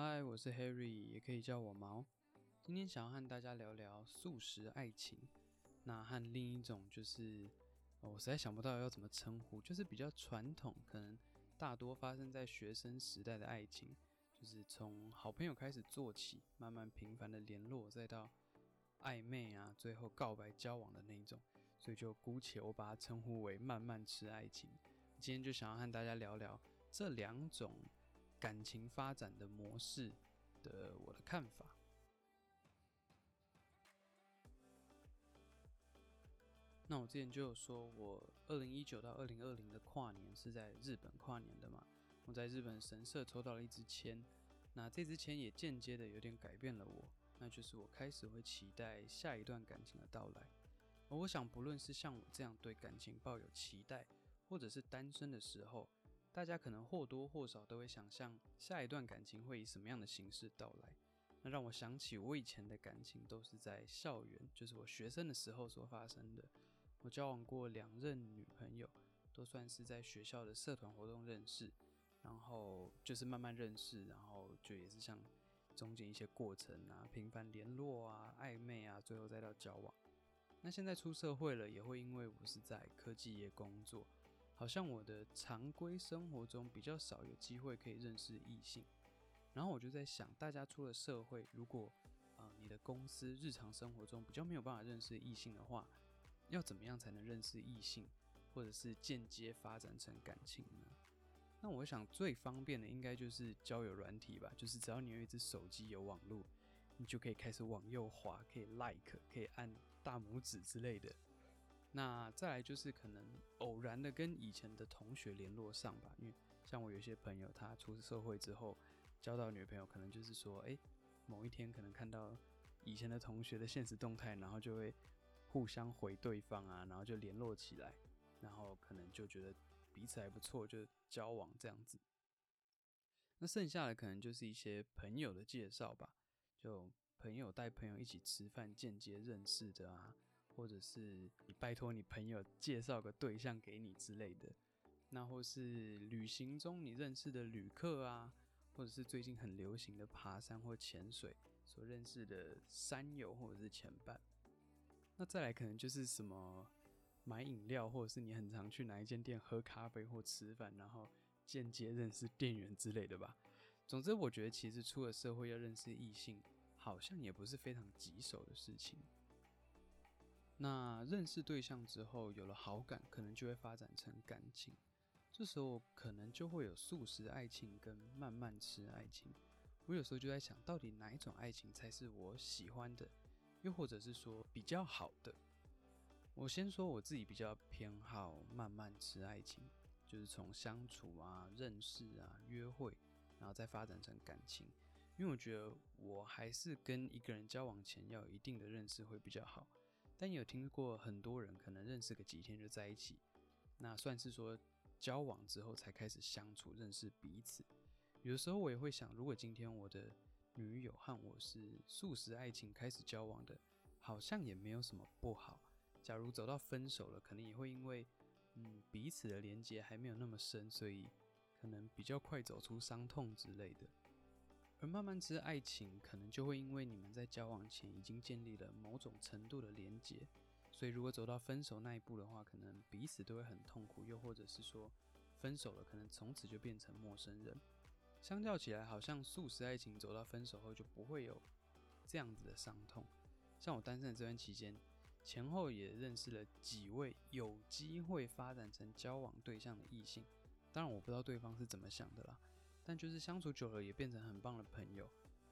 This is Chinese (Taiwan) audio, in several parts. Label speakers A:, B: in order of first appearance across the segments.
A: 嗨，Hi, 我是 Harry，也可以叫我毛。今天想要和大家聊聊速食愛情，那和另一種就是，我實在想不到要怎麼稱呼，就是比較傳統，可能大多發生在學生時代的愛情，就是從好朋友開始做起，慢慢頻繁的聯絡，再到曖昧啊，最後告白交往的那一種。所以就姑且我把它稱呼為慢慢吃愛情。今天就想要和大家聊聊這兩種。感情發展的模式的我的看法。那我之前就有說，我二零一九到二零二零的跨年是在日本跨年的嘛？我在日本神社抽到了一支籤，那這支籤也間接的有點改變了我，那就是我開始會期待下一段感情的到來。而我想，不論是像我這樣對感情抱有期待，或者是單身的時候。大家可能或多或少都會想象，下一段感情會以什麼樣的形式到來。那讓我想起我以前的感情都是在校園，就是我學生的時候所發生的。我交往過兩任女朋友，都算是在學校的社團活動認識，然後就是慢慢認識，然後就也是像中間一些過程啊，頻繁聯絡啊，曖昧啊，最後再到交往。那現在出社會了，也會因為我是在科技業工作。好像我的常規生活中比較少有機會可以認識異性，然後我就在想，大家出了社會，如果，啊，呃，你的公司日常生活中比較沒有辦法認識異性的話，要怎麼樣才能認識異性，或者是間接發展成感情呢？那我想最方便的應該就是交友軟體吧，就是只要你有一只手機有網絡，你就可以開始往右滑，可以 like，可以按大拇指之類的。那再來就是可能偶然的跟以前的同學聯絡上吧，因為像我有些朋友，他出社會之後交到女朋友，可能就是說、欸，誒某一天可能看到以前的同學的限時動態，然後就會互相回對方啊，然後就聯絡起來，然後可能就覺得彼此還不錯，就交往這樣子。那剩下的可能就是一些朋友的介紹吧，就朋友帶朋友一起吃飯，間接認識的啊。或者是你拜託你朋友介紹個對象給你之類的，那或是旅行中你認識的旅客啊，或者是最近很流行的爬山或潛水所認識的山友、或者是潛伴，那再來可能就是什麼買飲料，或者是你很常去哪一間店喝咖啡或吃飯，然後間接認識店員之類的吧。總之，我覺得其實出了社會要認識異性，好像也不是非常棘手的事情。那認識對象之後，有了好感，可能就會發展成感情。這時候可能就會有速食愛情跟慢慢吃愛情。我有時候就在想到底哪一種愛情才是我喜歡的，又或者是說比較好的。我先說我自己比較偏好慢慢吃愛情，就是從相處啊、認識啊、約會，然後再發展成感情。因為我覺得我還是跟一個人交往前要有一定的認識會比較好。但也有聽過很多人可能認識個幾天就在一起，那算是說交往之後才開始相處，認識彼此。有的時候我也會想，如果今天我的女友和我是速食愛情開始交往的，好像也沒有什麼不好。假如走到分手了，可能也會因為嗯彼此的連接還沒有那麼深，所以可能比較快走出傷痛之類的。而慢慢吃愛情，可能就會因為你們在交往前已經建立了某種程度的連結，所以如果走到分手那一步的話，可能彼此都會很痛苦；又或者是說，分手了，可能從此就變成陌生人。相較起來，好像速食愛情走到分手後就不會有這樣子的傷痛。像我單身的這段期間，前後也認識了幾位有機會發展成交往對象的異性，當然我不知道對方是怎麼想的啦。但就是相處久了，也變成很棒的朋友。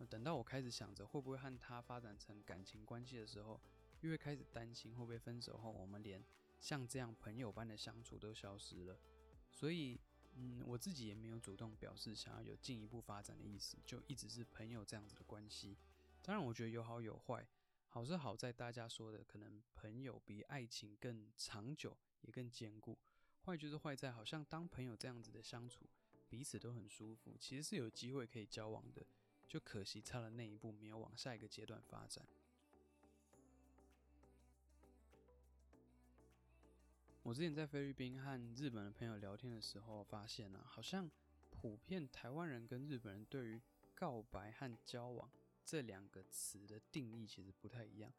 A: 等到我開始想着會不會和他發展成感情關係的時候，又會開始擔心會不會分手後我們連像這樣朋友般的相處都消失了。所以，嗯，我自己也沒有主動表示想要有進一步發展的意思，就一直是朋友這樣子的關係。當然，我覺得有好有壞，好是好在大家說的可能朋友比愛情更長久也更堅固，壞就是壞在好像當朋友這樣子的相處，彼此都很舒服，其實是有機會可以交往的，就可惜差了那一步，沒有往下一個階段發展。我之前在菲律賓和日本的朋友聊天的時候，發現了、啊、好像普遍台灣人跟日本人對於“告白”和“交往”這兩個詞的定義其實不太一樣。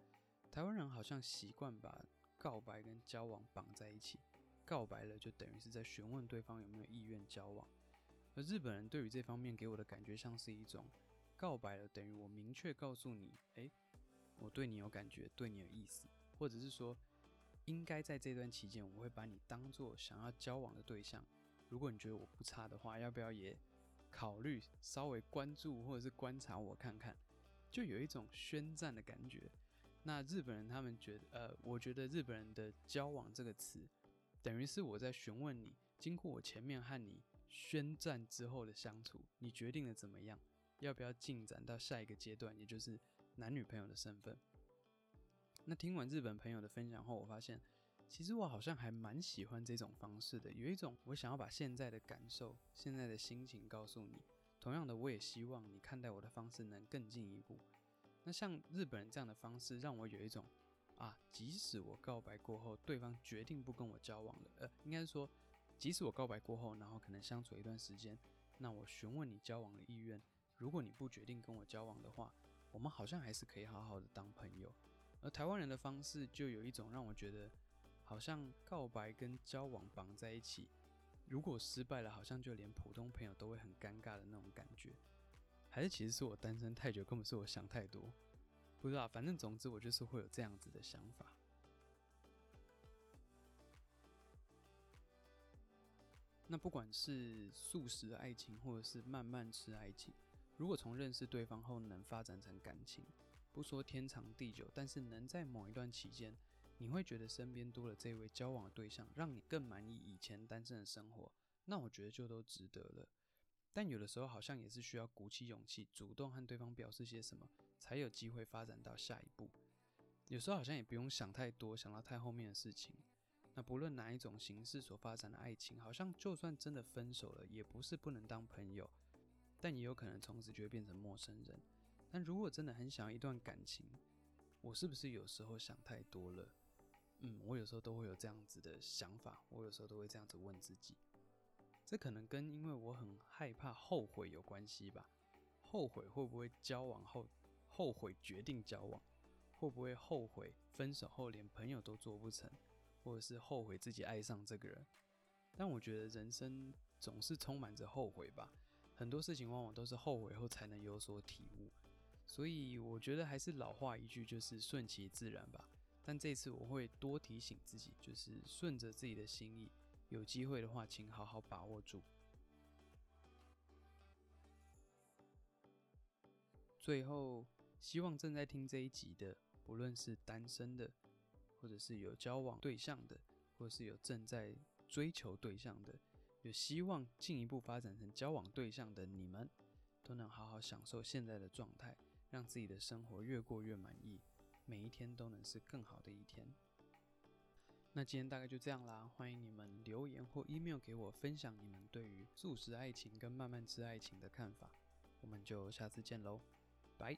A: 台灣人好像習慣把告白跟交往綁在一起，告白了就等於是在詢問對方有沒有意願交往。而日本人對於這方面給我的感覺，像是一種告白了，等於我明確告訴你，誒、欸，我對你有感覺，對你有意思，或者是說，應該在這段期間，我會把你當做想要交往的對象。如果你覺得我不差的話，要不要也考慮稍微關注或者是觀察我看看？就有一種宣戰的感覺。那日本人他們覺得，呃，我覺得日本人的“交往”這個詞，等於是我在詢問你，經過我前面和你。宣戰之後的相處，你決定得怎麼樣？要不要進展到下一個階段，也就是男女朋友的身份？那聽完日本朋友的分享後，我發現其實我好像還蠻喜歡這種方式的。有一種我想要把現在的感受、現在的心情告訴你。同樣的，我也希望你看待我的方式能更進一步。那像日本人這樣的方式，讓我有一種啊，即使我告白過後，對方決定不跟我交往了，呃，應該說。即使我告白過後，然後可能相處一段時間，那我詢問你交往的意願，如果你不決定跟我交往的話，我們好像還是可以好好的當朋友。而台灣人的方式就有一種讓我覺得，好像告白跟交往綁在一起，如果失敗了，好像就連普通朋友都會很尷尬的那種感覺。還是其實是我單身太久，根本是我想太多。不知道，反正總之我就是會有這樣子的想法。那不管是速食的愛情，或者是慢慢吃的愛情，如果從認識對方後能發展成感情，不說天長地久，但是能在某一段期間，你會覺得身邊多了這位交往的對象，讓你更滿意以前單身的生活，那我覺得就都值得了。但有的時候好像也是需要鼓起勇氣，主動和對方表示些什麼，才有機會發展到下一步。有時候好像也不用想太多，想到太後面的事情。那不論哪一種形式所發展的愛情，好像就算真的分手了，也不是不能當朋友，但也有可能從此就會變成陌生人。但如果真的很想要一段感情，我是不是有時候想太多了？嗯，我有時候都會有這樣子的想法，我有時候都會這樣子問自己。這可能跟因為我很害怕後悔有關係吧？後悔會不會交往後，後悔決定交往？會不會後悔分手後連朋友都做不成？或者是後悔自己愛上這個人，但我覺得人生總是充滿着後悔吧，很多事情往往都是後悔後才能有所體悟，所以我覺得還是老話一句，就是順其自然吧。但這次我會多提醒自己，就是順着自己的心意，有機會的話，請好好把握住。最後，希望正在聽這一集的，不論是單身的，或者是有交往對象的，或是有正在追求對象的，有希望進一步發展成交往對象的你們，都能好好享受現在的狀態，讓自己的生活越過越滿意，每一天都能是更好的一天。那今天大概就這樣啦，歡迎你們留言或 email 給我分享你們對於速食愛情跟慢慢吃愛情的看法，我們就下次見嘍，拜。